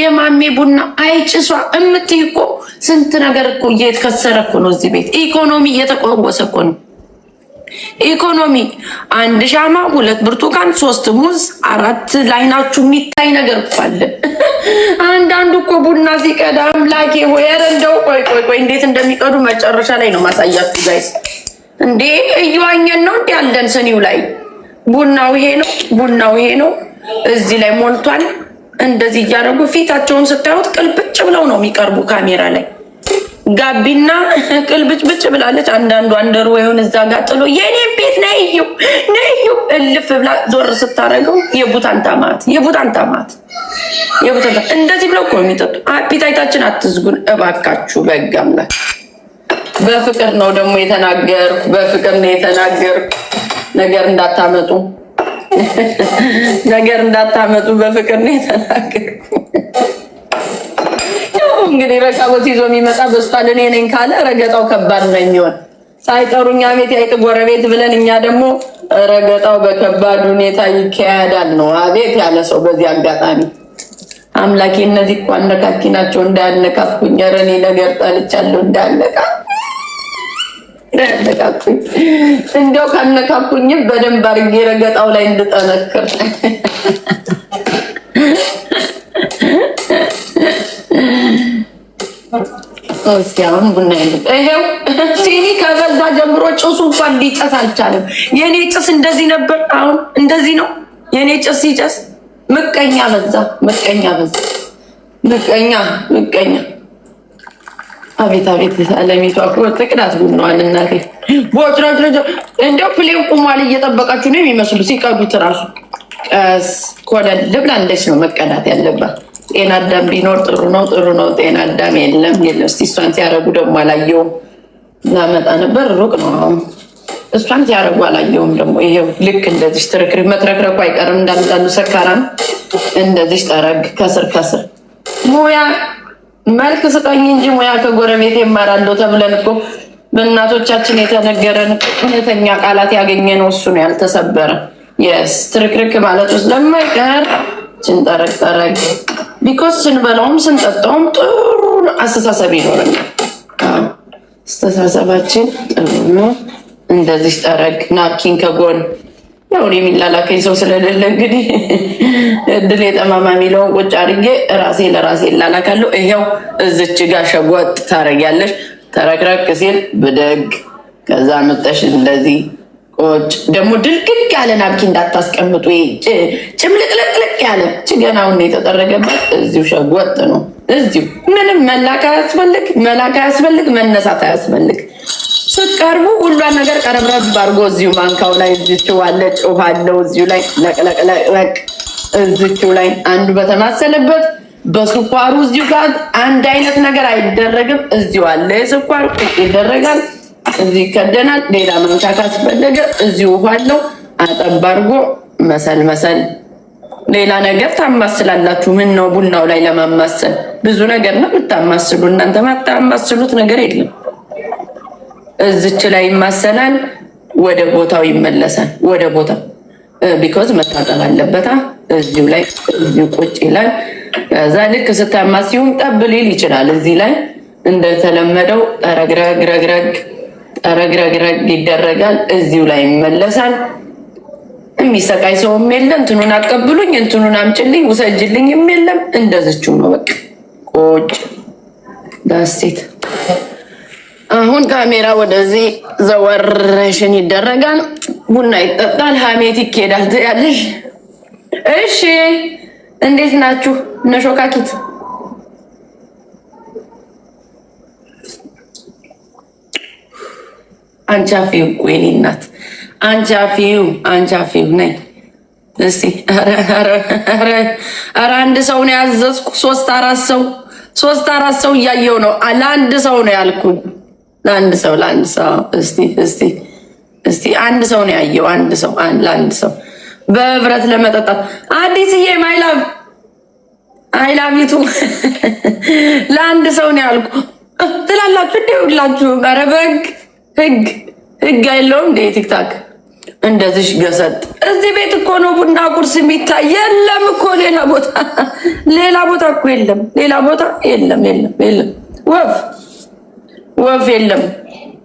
የማሜ ቡና አይጭሷ እምትይ እኮ ስንት ነገር እኮ እየከሰረ እኮ ነው። እዚህ ቤት ኢኮኖሚ እየተቋወሰ እኮ ነው። ኢኮኖሚ አንድ ሻማ፣ ሁለት ብርቱካን፣ ሶስት ሙዝ፣ አራት ላይናችሁ የሚታይ ነገር እኮ አለ። አንዳንዱ እኮ ቡና ሲቀዳ አምላኬ ሆይ ረንደው እንደው ቆይ ቆይ ቆይ እንዴት እንደሚቀዱ መጨረሻ ላይ ነው ማሳያችሁ ጋይስ። እንዴ እየዋኘን ነው እንዲ ያለን ስኒው ላይ ቡናው ይሄ ነው፣ ቡናው ይሄ ነው። እዚህ ላይ ሞልቷል። እንደዚህ እያደረጉ ፊታቸውን ስታዩት ቅልብጭ ብለው ነው የሚቀርቡ ካሜራ ላይ። ጋቢና ቅልብጭ ብጭ ብላለች። አንዳንዱ አንደሩ ወይሆን እዛ ጋር ጥሎ የኔ ቤት ነዩ ነዩ እልፍ ብላ ዞር ስታደርገው የቡታን ታማት የቡታን ታማት የቡታን እንደዚህ ብለው እኮ ነው የሚጠጡ። አፒታይታችን አትዝጉን እባካችሁ በግ በፍቅር ነው ደግሞ የተናገርኩ፣ በፍቅር ነው የተናገርኩ ነገር እንዳታመጡ ነገር እንዳታመጡ በፍቅር ነው የተናገርኩ። እንግዲህ ረቃቦት ይዞ የሚመጣ በስቷል። እኔ ነኝ ካለ ረገጣው ከባድ ነው የሚሆን። ሳይጠሩ እኛ ቤት ያይጥ ጎረቤት ብለን እኛ ደግሞ ረገጣው በከባድ ሁኔታ ይካሄዳል ነው አቤት ያለ ሰው። በዚህ አጋጣሚ አምላኬ እነዚህ እኮ አነካኪ ናቸው እንዳያነካኩኝ፣ ረኔ ነገር ጠልቻለሁ እንዳያነካ እንደው ካነካኩኝም በደንብ አድርጌ ረገጣው ላይ እንድጠነክር እስኪ አሁን ቡና ይኸው ሲኒ ከበዛ ጀምሮ ጭሱ እንኳን ሊጨስ አልቻለም። የእኔ ጭስ እንደዚህ ነበር፣ አሁን እንደዚህ ነው የእኔ ጭስ ሲጨስ። ምቀኛ በዛ፣ ምቀኛ በዛ፣ ምቀኛ ምቀኛ አቤት አቤት ለሚቷ ጥቅዳት ቡነዋል። እናቴ ቦጭራጭ እንደ ፕሌው ቁሟል እየጠበቃችሁ ነው የሚመስሉ ሲቀዱት ራሱ ቀስ ኮለል ልብላ እንደች ነው መቀዳት ያለባት። ጤና አዳም ቢኖር ጥሩ ነው ጥሩ ነው። ጤና አዳም የለም የለም። እስኪ እሷን ሲያረጉ ደግሞ አላየውም። ላመጣ ነበር ሩቅ ነው አሁን እሷን ሲያረጉ አላየውም። ደግሞ ይሄው ልክ እንደዚህ ትርክር መትረክረኩ አይቀርም። እንዳንዳንዱ ሰካራም እንደዚህ ጠረግ ከስር ከስር ሙያ መልክ ስጠኝ እንጂ ሙያ ከጎረቤት ይማራለሁ ተብለን እኮ በእናቶቻችን የተነገረን እውነተኛ ቃላት ነው። እሱ ነው። ያልተሰበረ የስ ትርክርክ ማለት ውስጥ ለማይቀር ስንጠረቅጠረቅ ቢኮስ ስንበላውም ስንጠጣውም ጥሩ አስተሳሰብ ይኖረኛል። አስተሳሰባችን ጥሩ ነው። እንደዚህ ጠረግ ናኪን ከጎን ያው እኔ የሚላላከኝ ሰው ስለሌለ እንግዲህ እድል የጠማማ የሚለውን ቁጭ አድርጌ ራሴ ለራሴ እላላካለሁ። ይሄው እዝች ጋር ሸጓጥ ታረጊያለሽ። ተረክረክ ሲል ብድግ፣ ከዛ መጠሽ እንደዚህ ቁጭ። ደግሞ ድልቅቅ ያለ ናብኪ እንዳታስቀምጡ፣ ጭምልቅልቅልቅ ያለ ችገናውን የተጠረገበት እዚሁ ሸጓጥ ነው። እዚሁ ምንም መላክ አያስፈልግ፣ መላክ አያስፈልግ፣ መነሳት አያስፈልግ። ስትቀርቡ ሁሏን ነገር ቀረብረብ አድርጎ እዚሁ ማንካው ላይ እዚችው አለ ጮህ አለው እዚሁ ላይ ለቅለቅለቅ እዚችው ላይ አንዱ በተማሰለበት በስኳሩ እዚሁ ጋር አንድ አይነት ነገር አይደረግም። እዚሁ አለ የስኳር ይደረጋል። እዚህ ይከደናል። ሌላ መንካ ካስፈለገ እዚሁ አለው አጠብ አድርጎ መሰል መሰል ሌላ ነገር ታማስላላችሁ። ምን ነው ቡናው ላይ ለማማሰል ብዙ ነገር ነው የምታማስሉ እናንተ። ማታማስሉት ነገር የለም። እዝች ላይ ይማሰላል፣ ወደ ቦታው ይመለሳል። ወደ ቦታው ቢኮዝ መታጠብ አለበታ። እዚሁ ላይ እዚሁ ቁጭ ይላል። ከዛ ልክ ስታማ ሲሁም ጠብ ሊል ይችላል። እዚህ ላይ እንደተለመደው ጠረግረግረግረግ ጠረግረግረግ ይደረጋል። እዚሁ ላይ ይመለሳል። የሚሰቃይ ሰውም የለም። እንትኑን አቀብሉኝ፣ እንትኑን አምጭልኝ፣ ውሰጅልኝ የለም። እንደዝችው ነው በቃ ቁጭ ዳሴት አሁን ካሜራ ወደዚህ ዘወረሽን ይደረጋል። ቡና ይጠጣል። ሀሜት ይኬዳል ትያለሽ። እሺ፣ እንዴት ናችሁ? ነሾካኪት አንቻፊው ወይኔ እናት አንቻፊው አንቻፊው ነይ እስቲ። ኧረ አንድ ሰው ነው ያዘዝኩ። ሶስት አራት ሰው ሶስት አራት ሰው እያየው ነው። ለአንድ ሰው ነው ያልኩኝ። ለአንድ ሰው ለአንድ ሰው እስቲ እስቲ እስቲ አንድ ሰው ነው ያየው። አንድ ሰው ለአንድ ሰው በህብረት ለመጠጣት አዲስዬ ማይላቭ አይላቪቱ ለአንድ ሰው ነው ያልኩ ትላላችሁ እንዴ ሁላችሁ? ኧረ በህግ ህግ ህግ አይለውም እንደ ቲክታክ እንደዚሽ ገሰጥ እዚህ ቤት እኮ ነው ቡና ቁርስ የሚታይ። የለም እኮ ሌላ ቦታ ሌላ ቦታ እኮ የለም ሌላ ቦታ የለም የለም የለም ወፍ ወፍ የለም።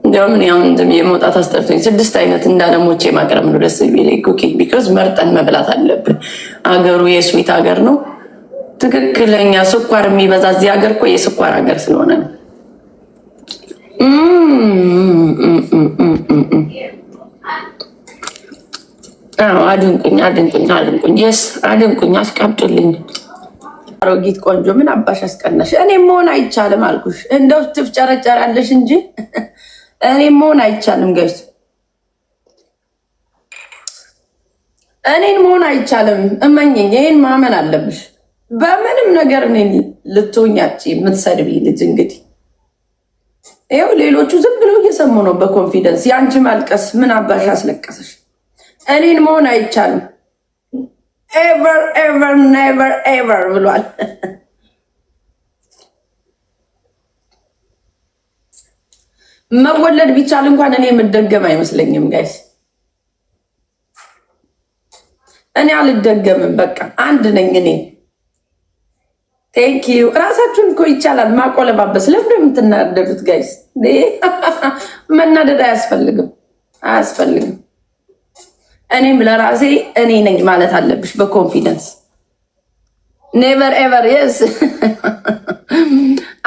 እንዲያውም እኔ አሁን ዝም የመውጣት አስጠርቶኝ ስድስት አይነት እንዳለሞቼ ማቅረብ ነው ደስ የሚለኝ። ኩኪንግ ቢኮዝ መርጠን መብላት አለብን። አገሩ የስዊት ሀገር ነው። ትክክለኛ ስኳር የሚበዛ እዚህ ሀገር እኮ የስኳር ሀገር ስለሆነ ነው። አድንቁኝ፣ አድንቁኝ፣ አድንቁኝ፣ የስ አድንቁኝ፣ አስቀምጡልኝ። አሮጊት ቆንጆ ምን አባሽ አስቀናሽ? እኔም መሆን አይቻልም አልኩሽ። እንደው ትፍጨረጨራለሽ እንጂ እኔም መሆን አይቻልም። ገሽ እኔን መሆን አይቻልም። እመኝኝ፣ ይህን ማመን አለብሽ። በምንም ነገር እኔን ልትሆኛች የምትሰድቢ ልጅ እንግዲህ ይኸው ሌሎቹ ዝም ብለው እየሰሙ ነው በኮንፊደንስ። የአንቺ ማልቀስ ምን አባሽ አስለቀሰሽ? እኔን መሆን አይቻልም። ኤቨር ኔቨር ኤቨር ብሏል። መወለድ ቢቻል እንኳን እኔ የምደገም አይመስለኝም ጋይስ። እኔ አልደገምም። በቃ አንድ ነኝ እኔ። ቴንክ ዩ። እራሳችሁን እኮ ይቻላል ማቆለባበስ። ለምንድን ነው የምትናደዱት ጋይስ? መናደድ አያስፈልግም፣ አያስፈልግም። እኔም ለራሴ እኔ ነኝ ማለት አለብሽ በኮንፊደንስ ኔቨር ኤቨር የስ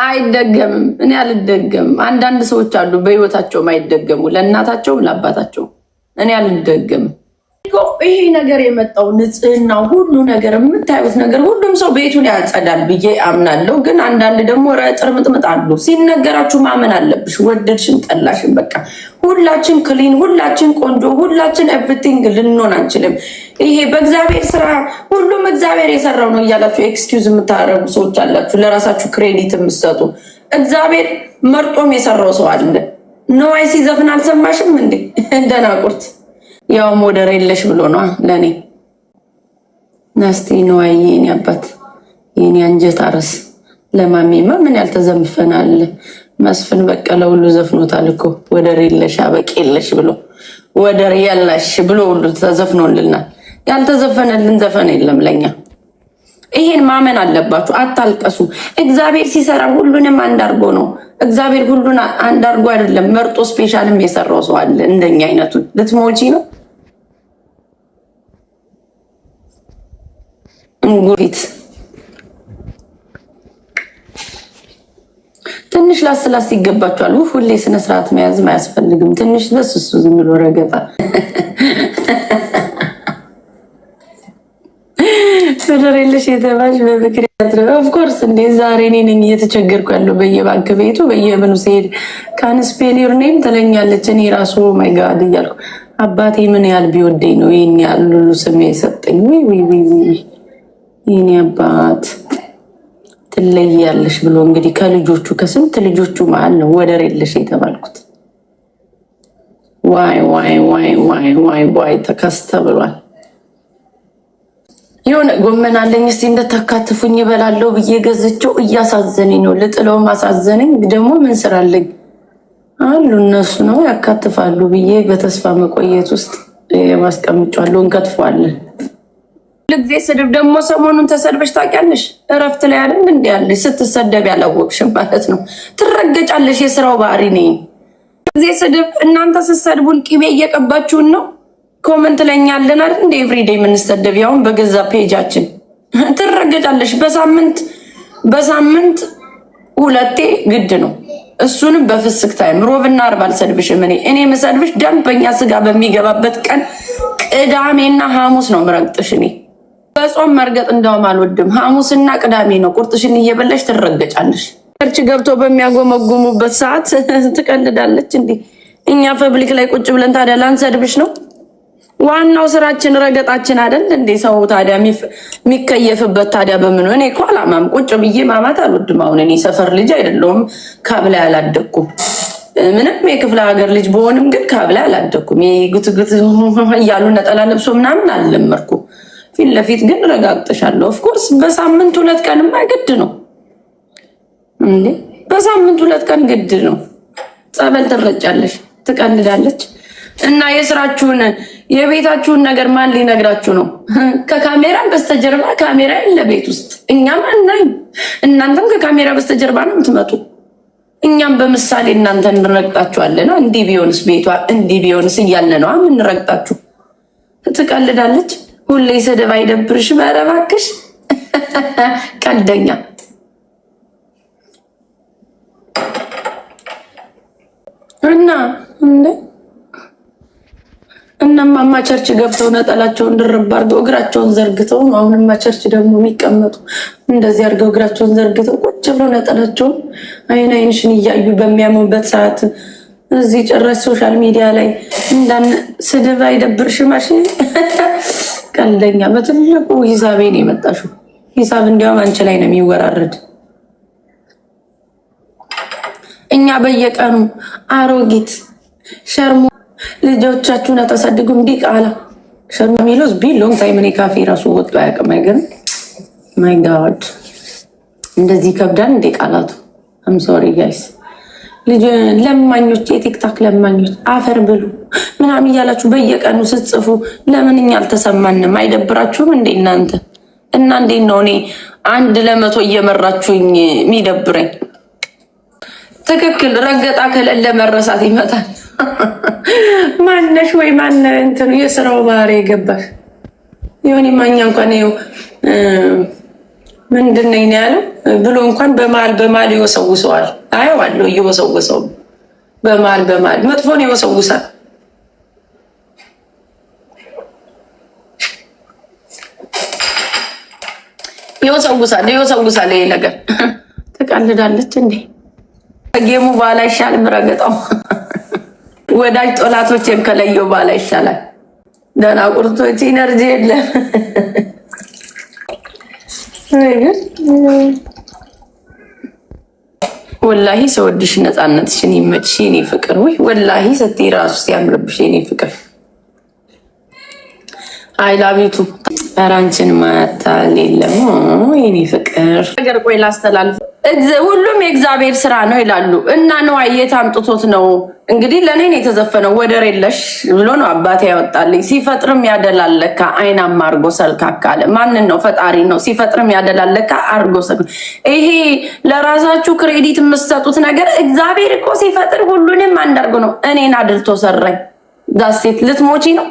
አይደገምም። እኔ አልደገምም። አንዳንድ ሰዎች አሉ በህይወታቸውም አይደገሙ ለእናታቸውም ለአባታቸውም። እኔ አልደገምም። ይሄ ነገር የመጣው ንጽህና ሁሉ ነገር የምታዩት ነገር ሁሉም ሰው ቤቱን ያጸዳል ብዬ አምናለሁ። ግን አንዳንድ ደግሞ ረጥር ምጥምጥ አሉ። ሲነገራችሁ ማመን አለብሽ፣ ወደድሽን ጠላሽን። በቃ ሁላችን ክሊን፣ ሁላችን ቆንጆ፣ ሁላችን ኤቭሪቲንግ ልንሆን አንችልም። ይሄ በእግዚአብሔር ስራ ሁሉም እግዚአብሔር የሰራው ነው እያላችሁ ኤክስኪውዝ የምታደረጉ ሰዎች አላችሁ፣ ለራሳችሁ ክሬዲት የምትሰጡ። እግዚአብሔር መርጦም የሰራው ሰው አለ። ነዋይ ሲዘፍን አልሰማሽም እንዴ? እንደናቁርት ያው ሞደር የለሽ ብሎ ነው ለኔ ናስቲ ነው። አይ የኔ አባት የኔ አንጀት አረስ ለማሚማ ምን ያልተዘምፈናል መስፍን በቀለ ሁሉ ዘፍኖታል እኮ ወደር የለሽ አበቂ የለሽ ብሎ ወደር ያላሽ ብሎ ሁሉ ተዘፍኖልናል። ያልተዘፈነልን ዘፈን የለም ለኛ። ይሄን ማመን አለባችሁ። አታልቀሱ። እግዚአብሔር ሲሰራ ሁሉንም አንድ ነው። እግዚአብሔር ሁሉን አንድ አይደለም መርጦ ስፔሻልም የሰራው ሰው አለ። እንደኛ አይነቱ ልትሞቺ ነው ጉሪት ትንሽ ላስላስ ይገባቸዋል። ሁሌ ስነስርዓት መያዝ አያስፈልግም። ትንሽ በስ እሱ ዝም ብሎ ረገጣ ፍቅር የለሽ በምክር በፍቅር ኦፍኮርስ እንዴ ዛሬ እኔ ነኝ እየተቸገርኩ ያለው በየባንክ ቤቱ በየምኑ ሲሄድ ካንስፔሊር ኔም ትለኛለች። እኔ ራሱ ማይጋድ እያልኩ አባቴ ምን ያህል ቢወደኝ ነው ይህን ያህል ሁሉ ስሜ የሰጠኝ። ውይ ውይ ውይ ይህኔ አባት ትለያለሽ ብሎ እንግዲህ ከልጆቹ ከስንት ልጆቹ መሀል ነው ወደር የለሽ የተባልኩት። ዋይ ዋይ ዋይ ዋይ ዋይ ዋይ ተከስተ ብሏል። የሆነ ጎመን አለኝ እስቲ እንደታካትፉኝ ይበላለሁ ብዬ ገዝቼው እያሳዘነኝ ነው። ልጥለውም አሳዘነኝ። ደግሞ ምን ስራ አለኝ አሉ እነሱ ነው ያካትፋሉ ብዬ በተስፋ መቆየት ውስጥ ማስቀምጫለሁ። እንከትፈዋለን ለጊዜ ስድብ ደግሞ ሰሞኑን ተሰድበሽ ታውቂያለሽ? እረፍት ላይ አይደል እንዲ ያለ ስትሰደብ ያላወቅሽም ማለት ነው። ትረገጫለሽ። የስራው ባህሪ ነ ጊዜ ስድብ እናንተ ስትሰድቡን ቂቤ እየቀባችሁን ነው። ኮመንት ለኛለን ያለን አይደል እንደ ኤቭሪዴ የምንሰደብ ያሁን በገዛ ፔጃችን ትረገጫለሽ። በሳምንት በሳምንት ሁለቴ ግድ ነው። እሱንም በፍስክ ታይም ሮብና አርብ አልሰድብሽም። እኔ እኔ የምሰድብሽ ደንበኛ ስጋ በሚገባበት ቀን ቅዳሜና ሐሙስ ነው ምረግጥሽ እኔ በጾም መርገጥ እንደውም አልወድም። ሐሙስና ቅዳሜ ነው ቁርጥሽን እየበላሽ ትረገጫለሽ። ቸርች ገብቶ በሚያጎመጉሙበት ሰዓት ትቀልዳለች። እንዴ? እኛ ፐብሊክ ላይ ቁጭ ብለን ታዲያ ላንሰድብሽ ነው? ዋናው ስራችን ረገጣችን አይደል እንዴ? ሰው ታዲያ የሚከየፍበት ታዲያ በምን? እኔ እኮ አላማም። ቁጭ ብዬ ማማት አልወድም። አሁን እኔ ሰፈር ልጅ አይደለሁም፣ ካብ ላይ አላደግኩም። ምንም የክፍለ ሀገር ልጅ በሆንም ግን ካብ ላይ አላደግኩም። ጉትጉት እያሉ ነጠላ ለብሶ ምናምን አልለመድኩም። ፊት ለፊት ግን ረጋግጥሻለሁ። ኦፍኮርስ በሳምንት ሁለት ቀንማ ግድ ነው እንዴ! በሳምንት ሁለት ቀን ግድ ነው። ጸበል ትረጫለሽ፣ ትቀልዳለች እና የስራችሁን የቤታችሁን ነገር ማን ሊነግራችሁ ነው? ከካሜራ በስተጀርባ ካሜራ የለ ቤት ውስጥ እኛም እናይ። እናንተም ከካሜራ በስተጀርባ ነው የምትመጡ። እኛም በምሳሌ እናንተ እንረግጣችኋለን። እንዲህ ቢሆንስ ቤቷ እንዲህ ቢሆንስ እያለ ነው የምንረግጣችሁ። ትቀልዳለች ሁሌ ስድብ አይደብርሽ? ኧረ እባክሽ ቀንደኛ። እና እንደ እነማማ ቸርች ገብተው ነጠላቸውን ድርብ አድርገው እግራቸውን ዘርግተው ነው። አሁንማ ቸርች ደግሞ የሚቀመጡ እንደዚህ አድርገው እግራቸውን ዘርግተው ቁጭ ብለው ነጠላቸውን አይን አይንሽን እያዩ በሚያምኑበት ሰዓት እዚህ ጭራሽ ሶሻል ሚዲያ ላይ እንዳን ስድብ አይደብርሽም? እሺ ቀልደኛ፣ በትልቁ ሂሳቤ ነው የመጣሽው። ሂሳብ እንዲያውም አንቺ ላይ ነው የሚወራረድ። እኛ በየቀኑ አሮጊት ሸርሞ ልጆቻችሁን አታሳድጉ አታሳድጉም ቃላ ሸርሞ የሚለው ቢ ሎንግ ታይም እኔ ካፌ ራሱ ወጥቶ አያውቅም። አይገርም ማይ ጋድ እንደዚህ ከብዳን እንዴ ቃላቱ አም ሶሪ ጋይስ ለማኞች የቲክታክ ለማኞች አፈር ብሉ ምናምን እያላችሁ በየቀኑ ስትጽፉ ለምን እኛ አልተሰማንም? አይደብራችሁም እንዴ እናንተ? እና እንዴት ነው እኔ አንድ ለመቶ እየመራችሁኝ የሚደብረኝ? ትክክል ረገጣ ከለለ መረሳት ይመጣል። ማነሽ ወይ ማነ እንትኑ የስራው ባህሪ የገባሽ የሆነ ማኛ እንኳን ምንድን ነኝ ያለው ብሎ እንኳን በመሀል በመሀል ይወሰውሰዋል። አየዋለሁ እየወሰወሰው በመሀል በመሀል መጥፎን ይወሰውሳል። ይወሰውሳል ይወሰውሳል። ይሄ ነገር ትቀልዳለች እንዴ? ከጌሙ በኋላ ይሻል ምረገጠው ወዳጅ ጠላቶቼን ከለየው በኋላ ይሻላል። ደህና ቁርቶች ኢነርጂ የለም። ወላሂ ሰወድሽ ነፃነትሽን ይመችሽ የኔ ፍቅር። ወይ ወላሂ ስትይ ራሱ ሲያምርብሽ የኔ ፍቅር። አይላቢቱ ኧረ አንቺን ማታል የለም የኔ ፍቅር ነገር ቆይ ላስተላልፍ ሁሉም የእግዚአብሔር ስራ ነው ይላሉ እና ነዋይ የት አምጥቶት ነው እንግዲህ ለእኔ ነው የተዘፈነው። ወደር የለሽ ብሎ ነው አባቴ ያወጣልኝ። ሲፈጥርም ያደላለካ አይናማ አርጎ ሰልካካ አለ። ማንን ነው? ፈጣሪ ነው። ሲፈጥርም ያደላለካ አርጎ ሰል ይሄ ለራሳችሁ ክሬዲት የምትሰጡት ነገር እግዚአብሔር እኮ ሲፈጥር ሁሉንም አንድ አርጎ ነው። እኔን አድርቶ ሰራኝ። ዳሴት ልትሞቺ ነው